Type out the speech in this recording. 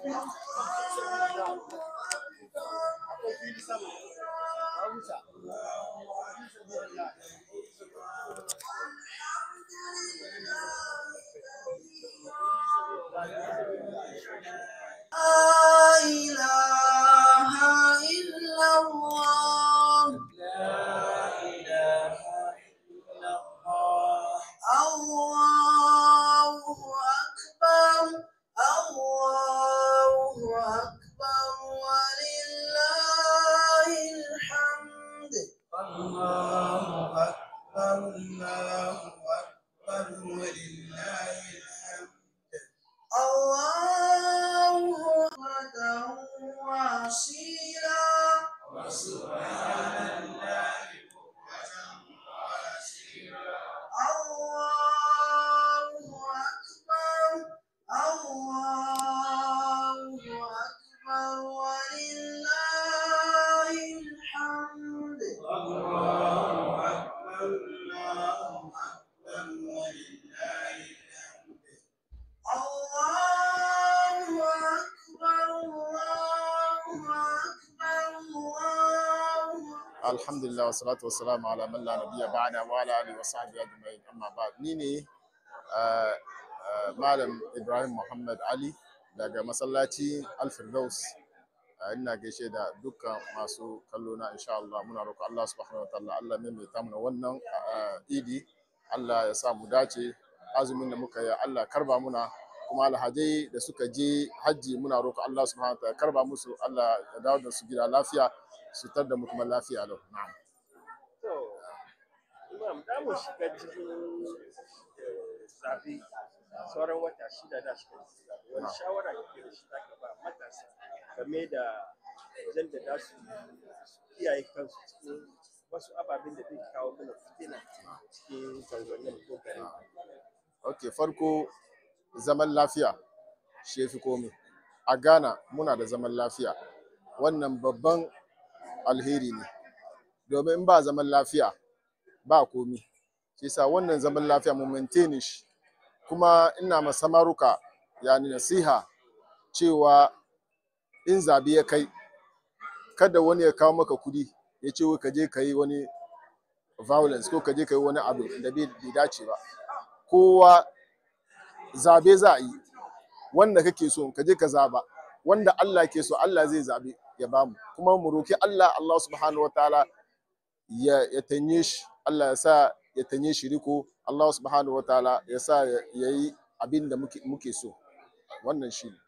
Thank you. Allahumma alhamdulillah wa salatu wa salamu ala man la nabiyya ba'da wa ala alihi wa sahbihi ajma'in amma ba'd ni ne uh, uh, malam Ibrahim Muhammad Ali daga masallaci Al-Firdaus uh, ina gaishe da dukkan masu kallo na insha Allah muna roƙo Allah subhanahu wa ta'ala Allah ne mai tamuna wannan idi Allah ya sa mu dace azumin da muka yi Allah karba muna kuma alhajai da suka je hajji muna roƙo Allah subhanahu wa ta'ala karba musu Allah ya dawo da su gida lafiya sitar da mu kuma lafiya lau na'am imam da mu shiga cikin eh, zaɓe sauran wata shida da shiga wani shawara ke da shi zaka ba matasa game da da za su kiyaye kansu cikin wasu ababen da zai kawo mana fitina cikin zangonin ko gari ok farko zaman lafiya shi fi komi a ghana muna da zaman lafiya wannan babban alheri ne domin in ba zaman lafiya ba komi shi sa wannan zaman lafiya mu maintain shi kuma ina ma samaruka yani nasiha cewa in zabi ya kai kada wani ya kawo maka kudi ya ce ka je ka wani violence ko ka je ka yi wani abu da bai dace ba kowa zabe za a yi wanda kake so kaje ka zaba wanda Allah ke so Allah zai zabi ya bamu kuma mu roki Allah Allah subhanahu wataala ya ya tanye shi Allah ya sa ya tanye shi riko Allah subhanahu wataala ya sa yayi abin da muke muke so wannan shi ne